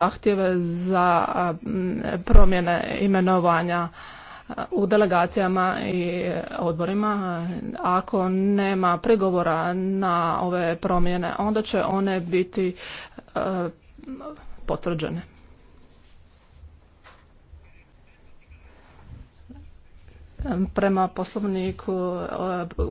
zahtjeve za promjene imenovanja u delegacijama i odborima. Ako nema prigovora na ove promjene, onda će one biti potvrđene. Prema poslovniku